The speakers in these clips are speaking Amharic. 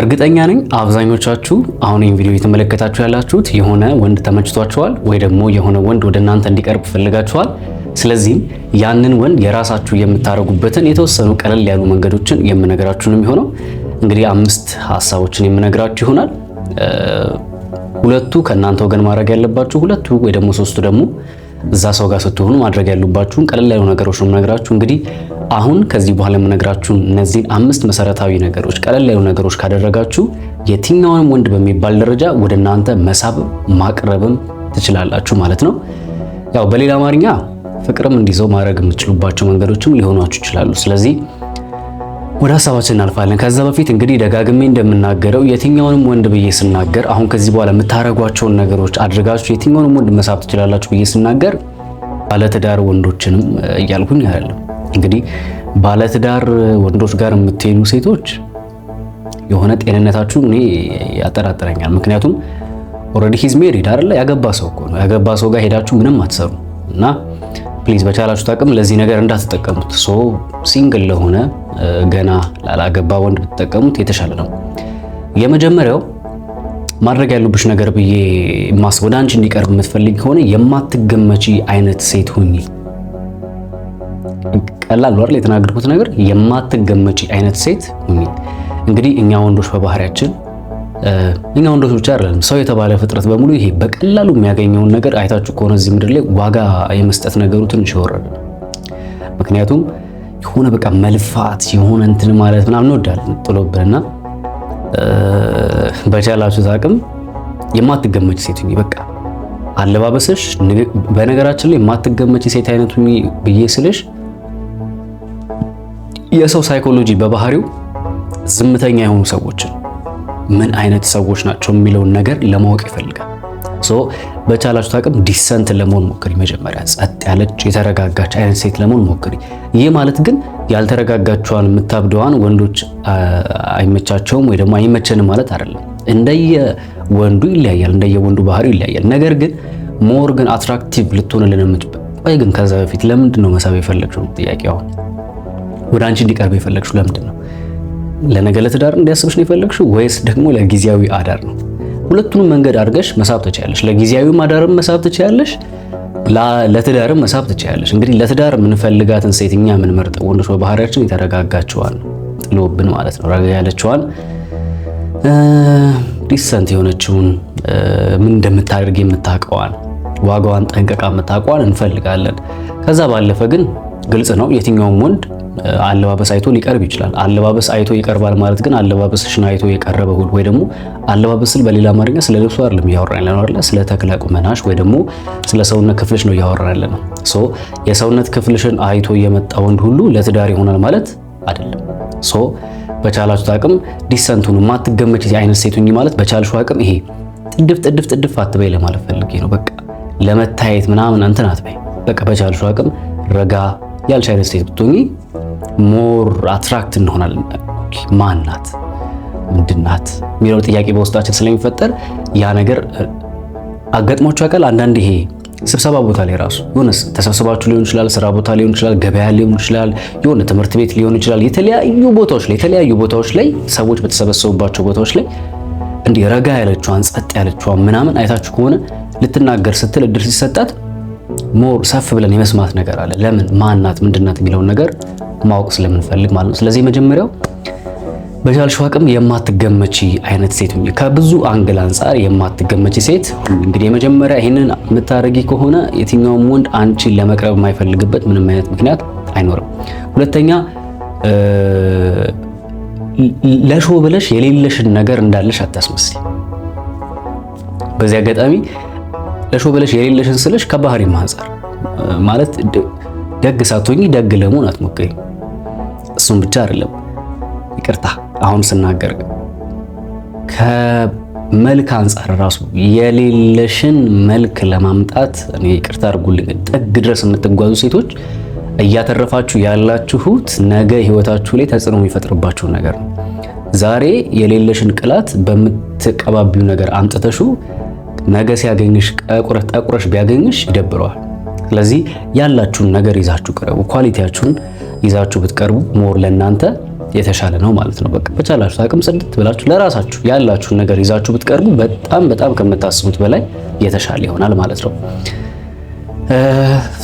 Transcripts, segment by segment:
እርግጠኛ ነኝ አብዛኞቻችሁ አሁን ይህን ቪዲዮ እየተመለከታችሁ ያላችሁት የሆነ ወንድ ተመችቷችኋል ወይ ደግሞ የሆነ ወንድ ወደ እናንተ እንዲቀርብ ፈልጋችኋል። ስለዚህም ያንን ወንድ የራሳችሁ የምታደርጉበትን የተወሰኑ ቀለል ያሉ መንገዶችን የምነግራችሁ ነው የሚሆነው። እንግዲህ አምስት ሀሳቦችን የምነግራችሁ ይሆናል። ሁለቱ ከእናንተ ወገን ማድረግ ያለባችሁ፣ ሁለቱ ወይ ደግሞ ሶስቱ ደግሞ እዛ ሰው ጋር ስትሆኑ ማድረግ ያሉባችሁን ቀለል ያሉ ነገሮች ነው የምነግራችሁ። እንግዲህ አሁን ከዚህ በኋላ የምነግራችሁን እነዚህን አምስት መሰረታዊ ነገሮች፣ ቀለል ያሉ ነገሮች ካደረጋችሁ የትኛውንም ወንድ በሚባል ደረጃ ወደ እናንተ መሳብ ማቅረብም ትችላላችሁ ማለት ነው። ያው በሌላ አማርኛ ፍቅርም እንዲዘው ማድረግ የምትችሉባቸው መንገዶችም ሊሆኗችሁ ይችላሉ። ስለዚህ ወደ ሀሳባችን እናልፋለን። ከዛ በፊት እንግዲህ ደጋግሜ እንደምናገረው የትኛውንም ወንድ ብዬ ስናገር አሁን ከዚህ በኋላ የምታደርጓቸውን ነገሮች አድርጋችሁ የትኛውንም ወንድ መሳብ ትችላላችሁ ብዬ ስናገር ባለትዳር ወንዶችንም እያልኩኝ አይደለም። እንግዲህ ባለትዳር ወንዶች ጋር የምትሄዱ ሴቶች የሆነ ጤንነታችሁ እኔ ያጠራጥረኛል። ምክንያቱም ኦልሬዲ ሂዝ ሜሪድ አይደለ? ያገባ ሰው እኮ ነው። ያገባ ሰው ጋር ሄዳችሁ ምንም አትሰሩ እና ፕሊዝ በቻላችሁ ታቅም ለዚህ ነገር እንዳትጠቀሙት። ሶ ሲንግል ለሆነ ገና ላላገባ ወንድ ብትጠቀሙት የተሻለ ነው። የመጀመሪያው ማድረግ ያሉብሽ ነገር ብዬ ማስብ ወደ አንቺ እንዲቀርብ የምትፈልግ ከሆነ የማትገመቺ አይነት ሴት ሁኚ። ቀላል ወር የተናገርኩት ነገር የማትገመቺ አይነት ሴት ሁኚ። እንግዲህ እኛ ወንዶች በባህሪያችን እኛ ወንዶች ብቻ አይደለም፣ ሰው የተባለ ፍጥረት በሙሉ ይሄ በቀላሉ የሚያገኘውን ነገር አይታችሁ ከሆነ እዚህ ምድር ላይ ዋጋ የመስጠት ነገሩ ትንሽ ይወረድ። ምክንያቱም የሆነ በቃ መልፋት የሆነ እንትን ማለት ምናምን እንወዳለን ጥሎብንና በቻላችሁት አቅም የማትገመች ሴት በቃ አለባበስሽ፣ በነገራችን ላይ የማትገመች ሴት አይነቱ ብዬ ስልሽ የሰው ሳይኮሎጂ በባህሪው ዝምተኛ የሆኑ ሰዎችን ምን አይነት ሰዎች ናቸው የሚለውን ነገር ለማወቅ ይፈልጋል። ሶ በቻላችሁት አቅም ዲሰንት ለመሆን ሞክሪ። መጀመሪያ ጸጥ ያለች የተረጋጋች አይነት ሴት ለመሆን ሞክሪ። ይህ ማለት ግን ያልተረጋጋቸዋን የምታብደዋን ወንዶች አይመቻቸውም ወይ ደግሞ አይመቸንም ማለት አይደለም። እንደየ ወንዱ ይለያያል፣ እንደየ ወንዱ ባህሪ ይለያያል። ነገር ግን ሞር ግን አትራክቲቭ ልትሆንልን የምትችል ወይ ግን ከዛ በፊት ለምንድን ነው መሳብ የፈለግሽው? ጥያቄ አሁን ወደ አንቺ እንዲቀርብ የፈለግሽው ለምንድን ነው? ለነገ ለትዳር እንዲያስብሽ ነው የፈለግሽው ወይስ ደግሞ ለጊዜያዊ አዳር ነው? ሁለቱንም መንገድ አድርገሽ መሳብ ትችያለሽ። ለጊዜያዊም አዳርም መሳብ ትችያለሽ፣ ለትዳርም መሳብ ትችያለሽ። እንግዲህ ለትዳር የምንፈልጋትን ሴት እኛ የምንመርጠው ወንዶች በባህሪያችን የተረጋጋችዋን ጥሎብን ማለት ነው ረጋ ያለችዋን ዲሰንት የሆነችውን ምን እንደምታደርግ የምታውቀዋን ዋጋዋን ጠንቀቃ የምታውቀዋን እንፈልጋለን። ከዛ ባለፈ ግን ግልጽ ነው። የትኛውም ወንድ አለባበስ አይቶ ሊቀርብ ይችላል። አለባበስ አይቶ ይቀርባል ማለት ግን አለባበስሽን አይቶ የቀረበ ሁሉ ወይ ደግሞ አለባበስ በሌላ አማርኛ ስለ ልብሱ አይደለም እያወራን ያለ ነው አይደል? ስለ ተክለ ቁመናሽ ወይ ደግሞ ስለ ሰውነት ክፍልሽ ነው እያወራን ያለ ነው። ሶ የሰውነት ክፍልሽን አይቶ የመጣ ወንድ ሁሉ ለትዳር ይሆናል ማለት አይደለም። ሶ በቻላችሁ አቅም ዲሰንቱን ማትገመች አይነት ሴቱኝ ማለት በቻልሽው አቅም ይሄ ጥድፍ ጥድፍ ጥድፍ አትበይ ለማለት ፈልጌ ነው። በቃ ለመታየት ምናምን እንትን አትበይ። በቃ በቻልሽው አቅም ረጋ ያልሽ አይነት ሴት ብትሆኚ ሞር አትራክት እንሆናለን። ማናት ምንድናት የሚለው ጥያቄ በውስጣችን ስለሚፈጠር ያ ነገር አጋጥሟችሁ ያውቃል? አንዳንድ ይሄ ስብሰባ ቦታ ላይ ራሱ የሆነ ተሰብስባችሁ ሊሆን ይችላል፣ ስራ ቦታ ሊሆን ይችላል፣ ገበያ ሊሆን ይችላል፣ የሆነ ትምህርት ቤት ሊሆን ይችላል። የተለያዩ ቦታዎች ላይ የተለያዩ ቦታዎች ላይ ሰዎች በተሰበሰቡባቸው ቦታዎች ላይ እንዲህ ረጋ ያለችዋን ጸጥ ያለችዋን ምናምን አይታችሁ ከሆነ ልትናገር ስትል እድል ሲሰጣት ሞር ሰፍ ብለን የመስማት ነገር አለ። ለምን ማናት ምንድናት የሚለውን ነገር ማወቅ ስለምንፈልግ ማለት ነው። ስለዚህ መጀመሪያው በቻልሽው አቅም የማትገመቺ አይነት ሴት ከብዙ አንግል አንጻር የማትገመቺ ሴት እንግዲህ የመጀመሪያ ይህንን የምታደርጊ ከሆነ የትኛውም ወንድ አንቺን ለመቅረብ የማይፈልግበት ምንም አይነት ምክንያት አይኖርም። ሁለተኛ ለሾ ብለሽ የሌለሽን ነገር እንዳለሽ አታስመስል። በዚህ አጋጣሚ ለሾ ብለሽ የሌለሽን ስለሽ ከባህሪ አንጻር ማለት ደግ ሳትሆኚ ደግ ለመሆን አትሞክሪ። እሱም ብቻ አይደለም ይቅርታ አሁን ስናገር ከመልክ አንጻር ራሱ የሌለሽን መልክ ለማምጣት እኔ ይቅርታ አድርጉልኝ፣ ጥግ ድረስ የምትጓዙ ሴቶች እያተረፋችሁ ያላችሁት ነገ ህይወታችሁ ላይ ተጽዕኖ የሚፈጥርባችሁ ነገር ነው። ዛሬ የሌለሽን ቅላት በምትቀባቢው ነገር አምጥተሹ ነገ ሲያገኝሽ ጠቁረሽ ጠቁረሽ ቢያገኝሽ ይደብረዋል። ስለዚህ ያላችሁን ነገር ይዛችሁ ቅረቡ። ኳሊቲያችሁን ይዛችሁ ብትቀርቡ ሞር ለእናንተ የተሻለ ነው ማለት ነው። በቃ በቻላችሁ አቅም ጽድት ብላችሁ ለራሳችሁ ያላችሁን ነገር ይዛችሁ ብትቀርቡ በጣም በጣም ከምታስቡት በላይ የተሻለ ይሆናል ማለት ነው።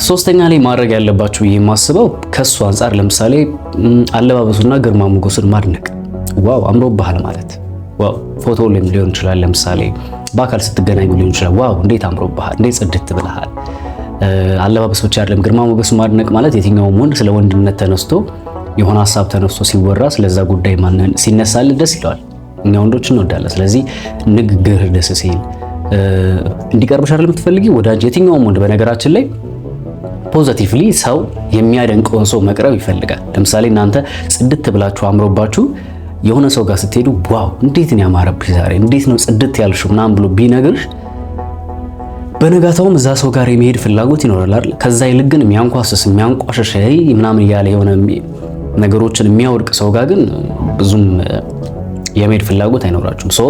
ሶስተኛ ላይ ማድረግ ያለባችሁ ብዬ የማስበው ከሱ አንጻር ለምሳሌ አለባበሱና ግርማ ሞገሱን ማድነቅ ዋው አምሮብሃል ማለት ዋው ፎቶ ሊሆን ይችላል ለምሳሌ በአካል ስትገናኙ ሊሆን ይችላል። ዋው እንዴት አምሮብሃል፣ እንዴት ጽድት ብለሃል። አለባበስ ብቻ አይደለም ግርማ ሞገስ ማድነቅ ማለት የትኛውም ወንድ ስለ ወንድነት ተነስቶ የሆነ ሀሳብ ተነስቶ ሲወራ ስለዛ ጉዳይ ማንን ሲነሳል ደስ ይለዋል። እኛ ወንዶች እንወዳለን። ስለዚህ ንግግር ደስ ሲል እንዲቀርብሽ አይደለም የምትፈልጊ ወዳጅ፣ የትኛውም ወንድ በነገራችን ላይ ፖዘቲቭሊ ሰው የሚያደንቀውን ሰው መቅረብ ይፈልጋል። ለምሳሌ እናንተ ጽድት ብላችሁ አምሮባችሁ የሆነ ሰው ጋር ስትሄዱ ዋው እንዴት ነው ያማረብሽ ዛሬ እንዴት ነው ጽድት ያልሽው ምናምን ብሎ ቢነግርሽ በነጋታውም እዛ ሰው ጋር የመሄድ ፍላጎት ይኖራል አይደል? ከዛ ይልቅ ግን የሚያንኳስስ የሚያንቋሸሽ ምናምን እያለ የሆነ ነገሮችን የሚያወድቅ ሰው ጋር ግን ብዙም የመሄድ ፍላጎት አይኖራችሁም። ሶ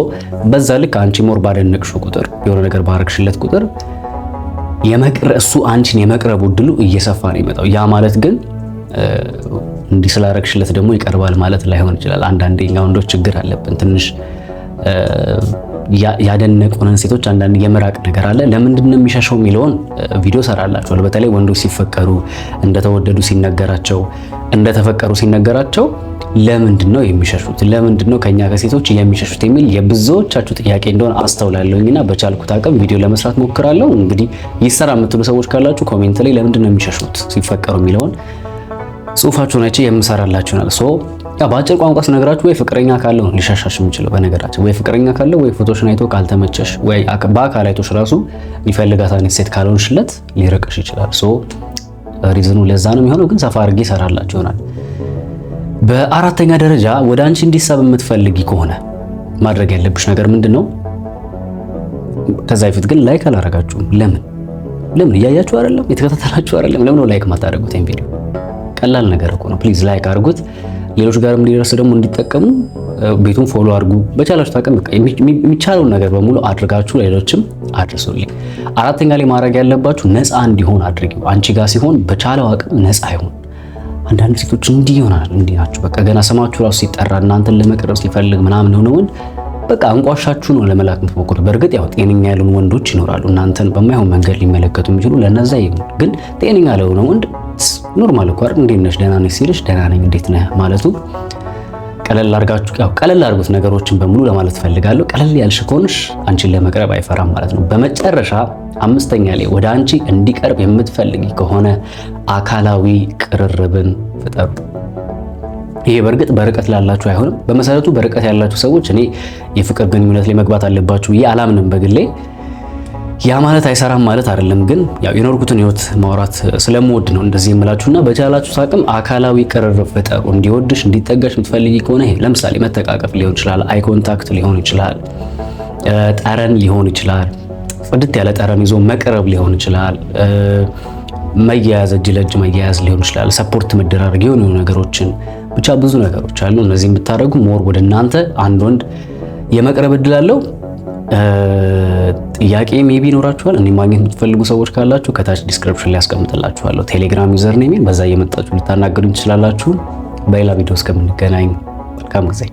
በዛ ልክ አንቺ ሞር ባደነቅሽው ቁጥር የሆነ ነገር ባረግሽለት ቁጥር እሱ አንቺን የመቅረቡ እድሉ እየሰፋ ነው የመጣው ያ ማለት ግን እንዲህ ስላረግሽለት ደግሞ ይቀርባል ማለት ላይሆን ይችላል። አንዳንዴ እኛ ወንዶች ችግር አለብን ትንሽ ያደነቁንን ሴቶች አንዳንድ የምራቅ ነገር አለ። ለምንድን ነው የሚሸሸው የሚለውን ቪዲዮ ሰራላችኋል። በተለይ ወንዶች ሲፈቀሩ፣ እንደተወደዱ ሲነገራቸው፣ እንደተፈቀሩ ሲነገራቸው ለምንድን ነው የሚሸሹት? ለምንድን ነው ከኛ ከሴቶች የሚሸሹት የሚል የብዙዎቻችሁ ጥያቄ እንደሆነ አስተውላለሁኝና በቻልኩት አቅም ቪዲዮ ለመስራት ሞክራለሁ። እንግዲህ ይሰራ የምትሉ ሰዎች ካላችሁ ኮሜንት ላይ ለምንድን ነው የሚሸሹት ሲፈቀሩ የሚለውን ጽሁፋችሁን አይቼ የምሰራላችሁ ነው። ሶ ያ በአጭር ቋንቋ ስነግራችሁ ወይ ፍቅረኛ ካለው ሊሻሻሽ የሚችለው በነገራችን ወይ ፍቅረኛ ካለው ወይ ፎቶሽን አይቶ ካልተመቸሽ፣ ወይ በአካል አይቶሽ ራሱ ሊፈልጋት አይነት ሴት ካልሆንሽለት ሊርቅሽ ይችላል። ሶ ሪዝኑ ለዛ ነው የሚሆነው። ግን ሰፋ አድርጌ ይሰራላችሁ ይሆናል። በአራተኛ ደረጃ ወደ አንቺ እንዲሳብ የምትፈልጊ ከሆነ ማድረግ ያለብሽ ነገር ምንድን ነው? ከዛ በፊት ግን ላይክ አላረጋችሁም። ለምን ለምን? እያያችሁ አይደለም? የተከታተላችሁ አይደለም? ለምን ላይክ ማታደርጉት ቪዲዮ ቀላል ነገር እኮ ነው። ፕሊዝ ላይክ አድርጉት፣ ሌሎች ጋርም እንዲደርስ ደግሞ እንዲጠቀሙ ቤቱን ፎሎ አድርጉ። በቻላችሁ ታቀም የሚቻለውን ነገር በሙሉ አድርጋችሁ ሌሎችም አድርሱልኝ። አራተኛ ላይ ማድረግ ያለባችሁ ነፃ እንዲሆን አድርጊው። አንቺ ጋር ሲሆን በቻለው አቅም ነፃ ይሁን። አንዳንድ ሴቶች እንዲህ ይሆናል፣ እንዲህ ናቸው። በቃ ገና ስማችሁ ራሱ ሲጠራ እናንተን ለመቅረብ ሲፈልግ ምናምን የሆነ ወንድ በቃ እንቋሻችሁ ነው ለመላክ የምትሞክሩት። በእርግጥ ያው ጤነኛ ያልሆኑ ወንዶች ይኖራሉ፣ እናንተን በማይሆን መንገድ ሊመለከቱ የሚችሉ ለነዛ ይሁን። ግን ጤነኛ ለሆነ ወንድ ኖርማል እኮ አይደል? እንዴት ነሽ ደህና ነሽ ሲልሽ ደህና ነኝ እንዴት ነህ ማለቱ ቀለል አድርጋችሁ ያው ቀለል አድርጉት ነገሮችን በሙሉ ለማለት ፈልጋለሁ። ቀለል ያልሽ ከሆንሽ አንቺን ለመቅረብ አይፈራም ማለት ነው። በመጨረሻ አምስተኛ ላይ ወደ አንቺ እንዲቀርብ የምትፈልጊ ከሆነ አካላዊ ቅርርብን ፍጠሩ። ይሄ በእርግጥ በርቀት ላላችሁ አይሆንም። በመሰረቱ በርቀት ያላችሁ ሰዎች እኔ የፍቅር ግንኙነት ላይ መግባት አለባችሁ ይህ አላምንም በግሌ ያ ማለት አይሰራም ማለት አይደለም፣ ግን ያው የኖርኩትን ህይወት ማውራት ስለምወድ ነው እንደዚህ የምላችሁና በቻላችሁ ሳቅም አካላዊ ቅርርብ ፍጠሩ። እንዲወድሽ እንዲጠጋሽ የምትፈልጊ ከሆነ ይሄ ለምሳሌ መተቃቀፍ ሊሆን ይችላል፣ አይ ኮንታክት ሊሆን ይችላል፣ ጠረን ሊሆን ይችላል፣ ጽድት ያለ ጠረን ይዞ መቅረብ ሊሆን ይችላል፣ መያያዝ፣ እጅ ለእጅ መያያዝ ሊሆን ይችላል፣ ሰፖርት መደራረግ፣ የሆኑ ነገሮችን ብቻ ብዙ ነገሮች አሉ። እነዚህ ብታደርጉ ሞር ወደ እናንተ አንድ ወንድ የመቅረብ እድል አለው። ጥያቄ ሜቢ ይኖራችኋል። እኔ ማግኘት የምትፈልጉ ሰዎች ካላችሁ ከታች ዲስክሪፕሽን ላይ አስቀምጥላችኋለሁ። ቴሌግራም ዩዘር ኔሜን። በዛ እየመጣችሁ ልታናገዱኝ ትችላላችሁ። በሌላ ቪዲዮ እስከምንገናኝ መልካም ጊዜ